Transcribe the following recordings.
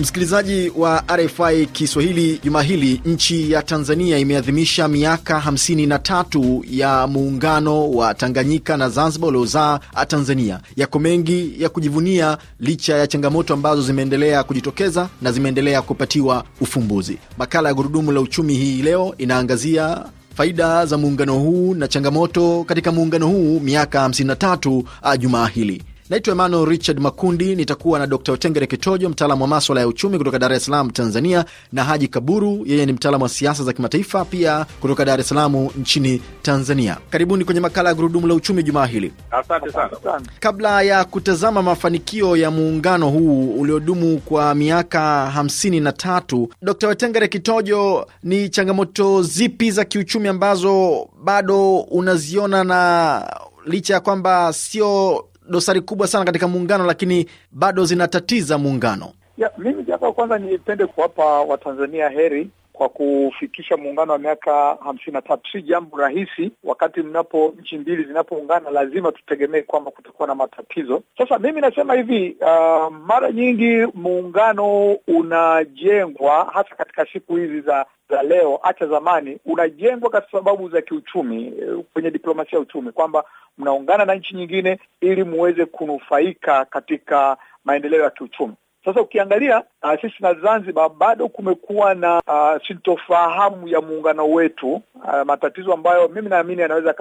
Msikilizaji wa RFI Kiswahili, juma hili nchi ya Tanzania imeadhimisha miaka 53 ya muungano wa Tanganyika na Zanzibar uliozaa Tanzania. Yako mengi ya kujivunia, licha ya changamoto ambazo zimeendelea kujitokeza na zimeendelea kupatiwa ufumbuzi. Makala ya Gurudumu la Uchumi hii leo inaangazia faida za muungano huu na changamoto katika muungano huu miaka 53 ah, jumaa hili. Naitwa Emmanuel Richard Makundi, nitakuwa na Dr Otengere Kitojo, mtaalamu wa maswala ya uchumi kutoka Dar es Salaam, Tanzania, na Haji Kaburu, yeye ni mtaalamu wa siasa za kimataifa pia kutoka Dar es Salaam nchini Tanzania. Karibuni kwenye makala ya Gurudumu la Uchumi jumaa hili. Asante sana. Kabla ya kutazama mafanikio ya muungano huu uliodumu kwa miaka hamsini na tatu, Dr Otengere Kitojo, ni changamoto zipi za kiuchumi ambazo bado unaziona na licha ya kwamba sio dosari kubwa sana katika muungano, lakini bado zinatatiza muungano. Ya, mimi jambo kwanza nipende kuwapa Watanzania heri kwa kufikisha muungano wa miaka hamsini na tatu. Si jambo rahisi, wakati mnapo nchi mbili zinapoungana lazima tutegemee kwamba kutakuwa na matatizo. Sasa mimi nasema hivi, uh, mara nyingi muungano unajengwa hasa katika siku hizi za za leo, acha zamani, unajengwa kwa sababu za kiuchumi, eh, kwenye diplomasia ya uchumi, kwamba mnaungana na nchi nyingine ili muweze kunufaika katika maendeleo ya kiuchumi. Sasa ukiangalia uh, sisi na Zanzibar bado kumekuwa na uh, sintofahamu ya muungano wetu uh, matatizo ambayo mimi naamini yanaweza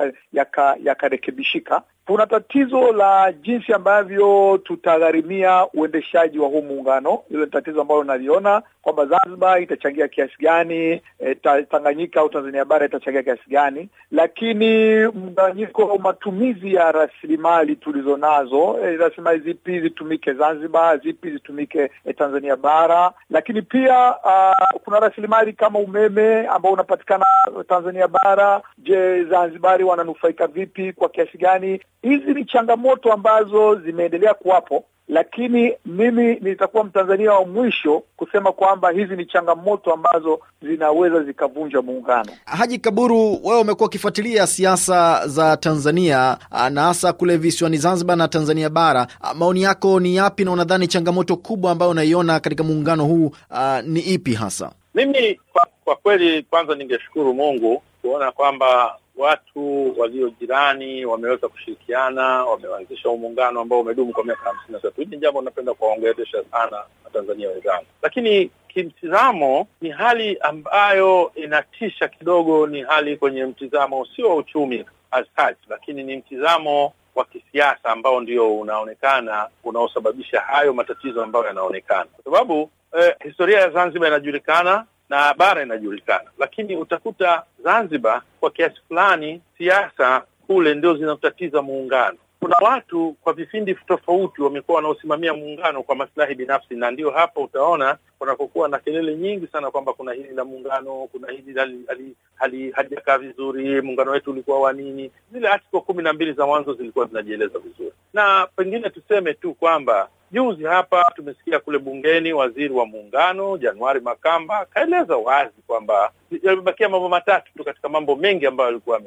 yakarekebishika. Yaka kuna tatizo la jinsi ambavyo tutagharimia uendeshaji wa huu muungano. Hilo ni tatizo ambalo unaliona kwamba Zanzibar itachangia kiasi gani, e, ta, Tanganyika au Tanzania bara itachangia kiasi gani, lakini mgawanyiko wa matumizi ya rasilimali tulizonazo, e, rasilimali zipi zitumike Zanzibar, zipi zitumike e, Tanzania bara, lakini pia uh, kuna rasilimali kama umeme ambao unapatikana Tanzania bara? Je, Zanzibari wananufaika vipi, kwa kiasi gani? Hizi ni changamoto ambazo zimeendelea kuwapo, lakini mimi nitakuwa Mtanzania wa mwisho kusema kwamba hizi ni changamoto ambazo zinaweza zikavunja muungano. Haji Kaburu, wewe umekuwa ukifuatilia siasa za Tanzania ah, na hasa kule visiwani Zanzibar na Tanzania bara, ah, maoni yako ni yapi, na unadhani changamoto kubwa ambayo unaiona katika muungano huu uh, ni ipi hasa? Mimi kwa kweli, kwanza ningeshukuru Mungu kuona kwamba watu walio jirani wameweza kushirikiana, wameanzisha muungano ambao umedumu kwa miaka hamsini na tatu. Hili jambo napenda kuwaongelesha sana Watanzania wenzangu, lakini kimtizamo ni hali ambayo inatisha kidogo. Ni hali kwenye mtizamo sio wa uchumi as such, lakini ni mtizamo wa kisiasa ambao ndio unaonekana unaosababisha hayo matatizo ambayo yanaonekana, kwa sababu eh, historia ya Zanzibar inajulikana na bara inajulikana, lakini utakuta Zanzibar kwa kiasi fulani siasa kule ndio zinatatiza muungano. Kuna watu kwa vipindi tofauti wamekuwa wanaosimamia muungano kwa masilahi binafsi, na ndio hapo utaona kunakokuwa na kelele nyingi sana kwamba kuna hili la muungano, kuna hili halijakaa vizuri, muungano wetu ulikuwa wa nini. Zile article kumi na mbili za mwanzo zilikuwa zinajieleza vizuri, na pengine tuseme tu kwamba Juzi hapa tumesikia kule bungeni waziri wa muungano Januari Makamba akaeleza wazi kwamba yamebakia mambo matatu tu katika mambo mengi ambayo yalikuwa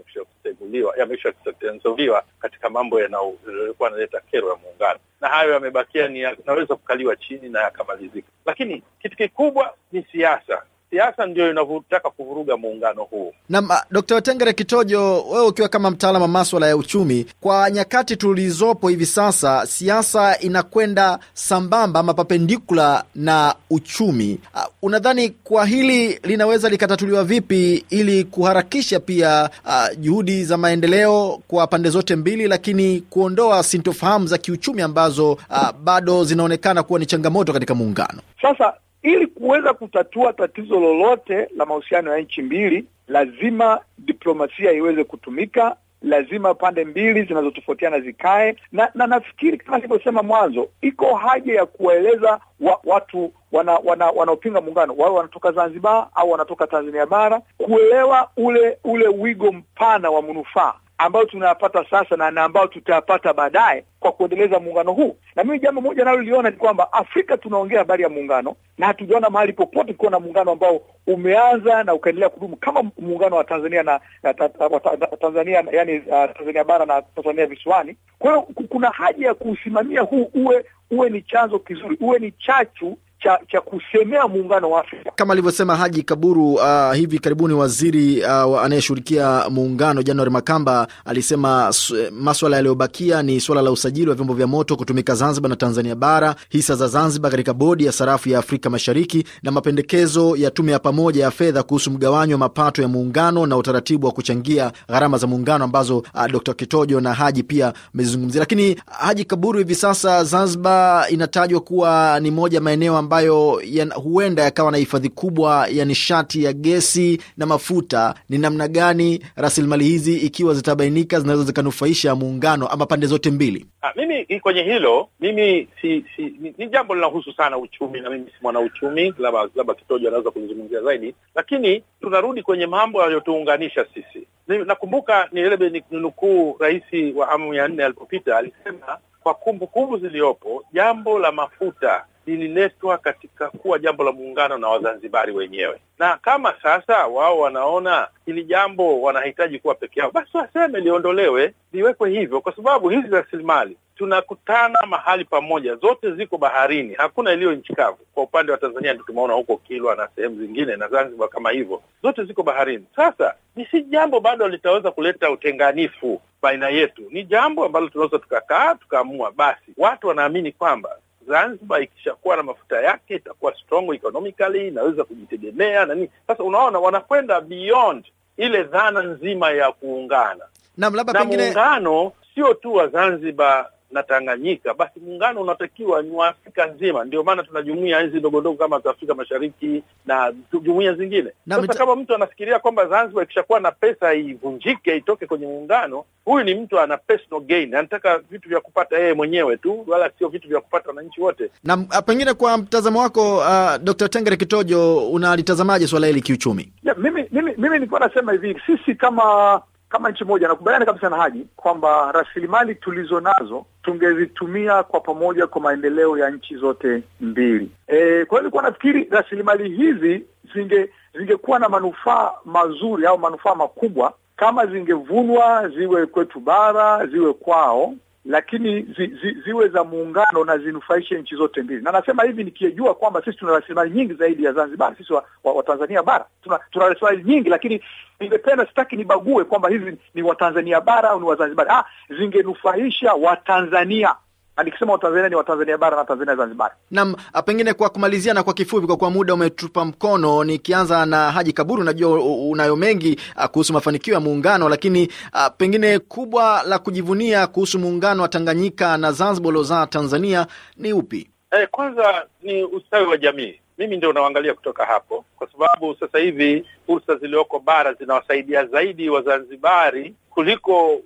yameshatenzuliwa katika mambo yalikuwa yanaleta kero ya muungano, na hayo yamebakia ni yanaweza kukaliwa chini na yakamalizika, lakini kitu kikubwa ni siasa siasa ndio inavyotaka kuvuruga muungano huu. Naam, ah, Dkt. Tengere Kitojo, wewe ukiwa kama mtaalamu wa maswala ya uchumi, kwa nyakati tulizopo hivi sasa, siasa inakwenda sambamba ama papendikula na uchumi. Uh, unadhani kwa hili linaweza likatatuliwa vipi ili kuharakisha pia uh, juhudi za maendeleo kwa pande zote mbili, lakini kuondoa sintofahamu za kiuchumi ambazo uh, bado zinaonekana kuwa ni changamoto katika muungano sasa ili kuweza kutatua tatizo lolote la mahusiano ya nchi mbili, lazima diplomasia iweze kutumika, lazima pande mbili zinazotofautiana zikae na, na nafikiri kama alivyosema mwanzo, iko haja ya kuwaeleza wa, watu wanaopinga wana, wana muungano wawe wanatoka Zanzibar au wanatoka Tanzania bara kuelewa ule ule wigo mpana wa manufaa ambayo tunayapata sasa na, na ambayo tutayapata baadaye kwa kuendeleza muungano huu. Na mimi jambo moja naloliona ni kwamba Afrika tunaongea habari ya muungano na hatujaona mahali popote kuwa na muungano ambao umeanza na ukaendelea kudumu kama muungano wa Tanzania na, na ta, ta, ta, ta, Tanzania yani, uh, Tanzania bara na Tanzania visiwani. Kwa hiyo kuna haja ya kuusimamia huu uwe uwe ni chanzo kizuri, uwe ni chachu cha, cha kusemea muungano wa Afrika kama alivyosema Haji Kaburu. Uh, hivi karibuni waziri uh, anayeshughulikia muungano Januari Makamba alisema eh, maswala yaliyobakia ni swala la usajili wa vyombo vya moto kutumika Zanzibar na Tanzania bara, hisa za Zanzibar katika bodi ya sarafu ya Afrika Mashariki na mapendekezo ya tume ya pamoja ya fedha kuhusu mgawanyo wa mapato ya muungano na utaratibu wa kuchangia gharama za muungano ambazo uh, Dr. Kitojo na Haji pia amezungumzia. Lakini Haji Kaburu, hivi sasa Zanzibar inatajwa kuwa ni moja maeneo ambayo ya huenda yakawa na hifadhi kubwa ya nishati ya gesi na mafuta, ni namna gani rasilimali hizi, ikiwa zitabainika, zinaweza zikanufaisha muungano ama pande zote mbili? Ha, ah, mimi kwenye hilo mimi si, si, ni, ni jambo linahusu sana uchumi, na mimi si mwana uchumi, labda labda Kitojo anaweza kulizungumzia zaidi, lakini tunarudi kwenye mambo yaliyotuunganisha sisi. Nakumbuka ni ni nukuu rais wa awamu ya nne alipopita alisema kwa kumbukumbu ziliyopo, jambo la mafuta lililetwa katika kuwa jambo la muungano na Wazanzibari wenyewe, na kama sasa wao wanaona hili jambo wanahitaji kuwa peke yao, basi waseme liondolewe, liwekwe hivyo, kwa sababu hizi rasilimali tunakutana mahali pamoja, zote ziko baharini, hakuna iliyo nchi kavu. Kwa upande wa Tanzania ndio tumeona huko Kilwa na sehemu zingine na Zanzibar kama hivyo, zote ziko baharini. Sasa ni si jambo bado litaweza kuleta utenganifu baina yetu, ni jambo ambalo tunaweza tukakaa tukaamua. Basi watu wanaamini kwamba Zanzibar ikishakuwa na mafuta yake itakuwa strong economically, inaweza kujitegemea na nini. Sasa unaona wanakwenda beyond ile dhana nzima ya kuungana. na labda pengine muungano sio tu wa Zanzibar na Tanganyika, basi muungano unatakiwa ni wa Afrika nzima. Ndio maana tuna jumuia hizi ndogo ndogo kama za Afrika Mashariki na jumuia zingine. Sasa kama mtu anafikiria kwamba Zanzibar ikishakuwa na pesa ivunjike itoke kwenye muungano, huyu ni mtu ana personal gain, anataka vitu vya kupata yeye mwenyewe tu, wala sio vitu vya kupata wananchi wote. Na uh, pengine kwa mtazamo wako, uh, Dr. Tengere Kitojo, unalitazamaje swala hili kiuchumi? Ya, mimi, mimi, mimi nilikuwa nasema hivi sisi kama kama nchi moja, nakubaliana kabisa na Haji kwamba rasilimali tulizo nazo tungezitumia kwa pamoja kwa maendeleo ya nchi zote mbili. E, kwa hiyo nilikuwa nafikiri rasilimali hizi zinge zingekuwa na manufaa mazuri au manufaa makubwa kama zingevunwa ziwe kwetu bara ziwe kwao, lakini zi, zi, ziwe za muungano na zinufaishe nchi zote mbili. Na nasema hivi nikijua kwamba sisi tuna rasilimali nyingi zaidi ya Zanzibar. Sisi wa, wa, wa Tanzania bara tuna, tuna rasilimali nyingi, lakini ningependa, sitaki nibague kwamba hivi ni Watanzania bara au ni Wazanzibari. Ah, zingenufaisha Watanzania na nikisema Watanzania ni Watanzania bara na Tanzania Zanzibar. nam ah, pengine kwa kumalizia na kwa kifupi, kwa kuwa muda umetupa mkono, nikianza na Haji Kaburu, najua unayo mengi ah, kuhusu mafanikio ya muungano, lakini a, ah, pengine kubwa la kujivunia kuhusu muungano wa Tanganyika na Zanzibar uliozaa Tanzania ni upi? E, kwanza ni ustawi wa jamii mimi ndio unaoangalia kutoka hapo, kwa sababu sasa hivi fursa zilioko bara zinawasaidia zaidi Wazanzibari kuliko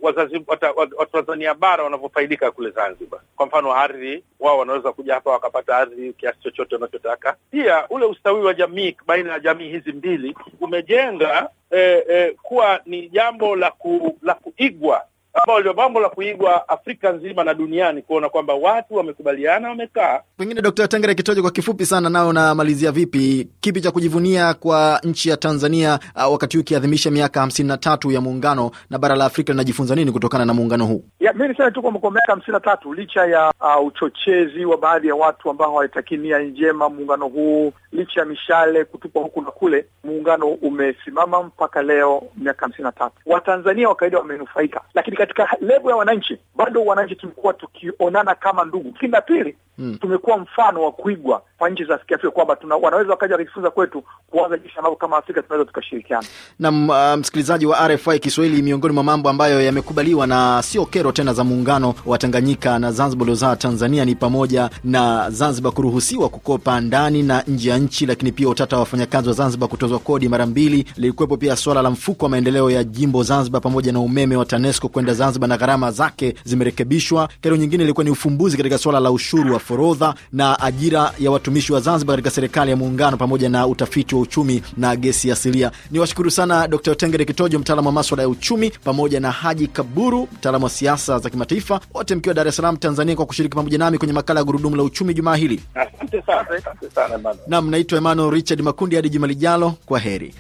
Watanzania bara wanavyofaidika kule Zanzibar. Kwa mfano, ardhi, wao wanaweza kuja hapa wakapata ardhi kiasi chochote wanachotaka. Pia ule ustawi wa jamii baina ya jamii hizi mbili umejenga eh, eh, kuwa ni jambo la ku, la kuigwa ambao ndio mambo la kuigwa Afrika nzima na duniani kuona kwamba watu wamekubaliana, wamekaa. Pengine Dkt. Tengere Kitojo, kwa kifupi sana, nao unamalizia vipi, kipi cha kujivunia kwa nchi ya Tanzania uh, wakati huu ikiadhimisha miaka hamsini na tatu ya muungano na bara la Afrika linajifunza nini kutokana na muungano huu? Mi niseme tu kwamba kwa miaka hamsini na tatu licha ya uh, uchochezi wa baadhi ya watu ambao hawaitakii nia njema muungano huu, licha ya mishale kutupwa huku na kule, muungano umesimama mpaka leo miaka hamsini na tatu. Watanzania wa kawaida wamenufaika, lakini katika levo ya wananchi, bado wananchi tumekuwa tukionana kama ndugu. Lakini la pili, Mm. Tumekuwa mfano wa kuigwa kwa nchi za Afrika kwamba wanaweza wakaja wakajifunza kwetu kuanza jinsi ambavyo kama Afrika tunaweza tukashirikiana. Na uh, msikilizaji wa RFI Kiswahili, miongoni mwa mambo ambayo yamekubaliwa na sio kero tena za muungano wa Tanganyika na Zanzibar uliozaa Tanzania ni pamoja na Zanzibar kuruhusiwa kukopa ndani na nje ya nchi, lakini pia utata wa wafanyakazi wa Zanzibar kutozwa kodi mara mbili. Lilikuwepo pia swala la mfuko wa maendeleo ya jimbo Zanzibar pamoja na umeme wa TANESCO kwenda Zanzibar na gharama zake zimerekebishwa. Kero nyingine ilikuwa ni ufumbuzi katika swala la ushuru wa forodha na ajira ya watumishi wa Zanzibar katika serikali ya muungano pamoja na utafiti wa uchumi na gesi asilia. Ni washukuru sana d Tengere Kitojo, mtaalamu wa maswala ya uchumi, pamoja na Haji Kaburu, mtaalamu wa siasa za kimataifa, wote mkiwa Dar es Salaam, Tanzania, kwa kushiriki pamoja nami kwenye makala ya Gurudumu la Uchumi jumaa hili. Asante sana. Naam, naitwa Emmanuel Richard Makundi. Hadi juma lijalo, kwa heri.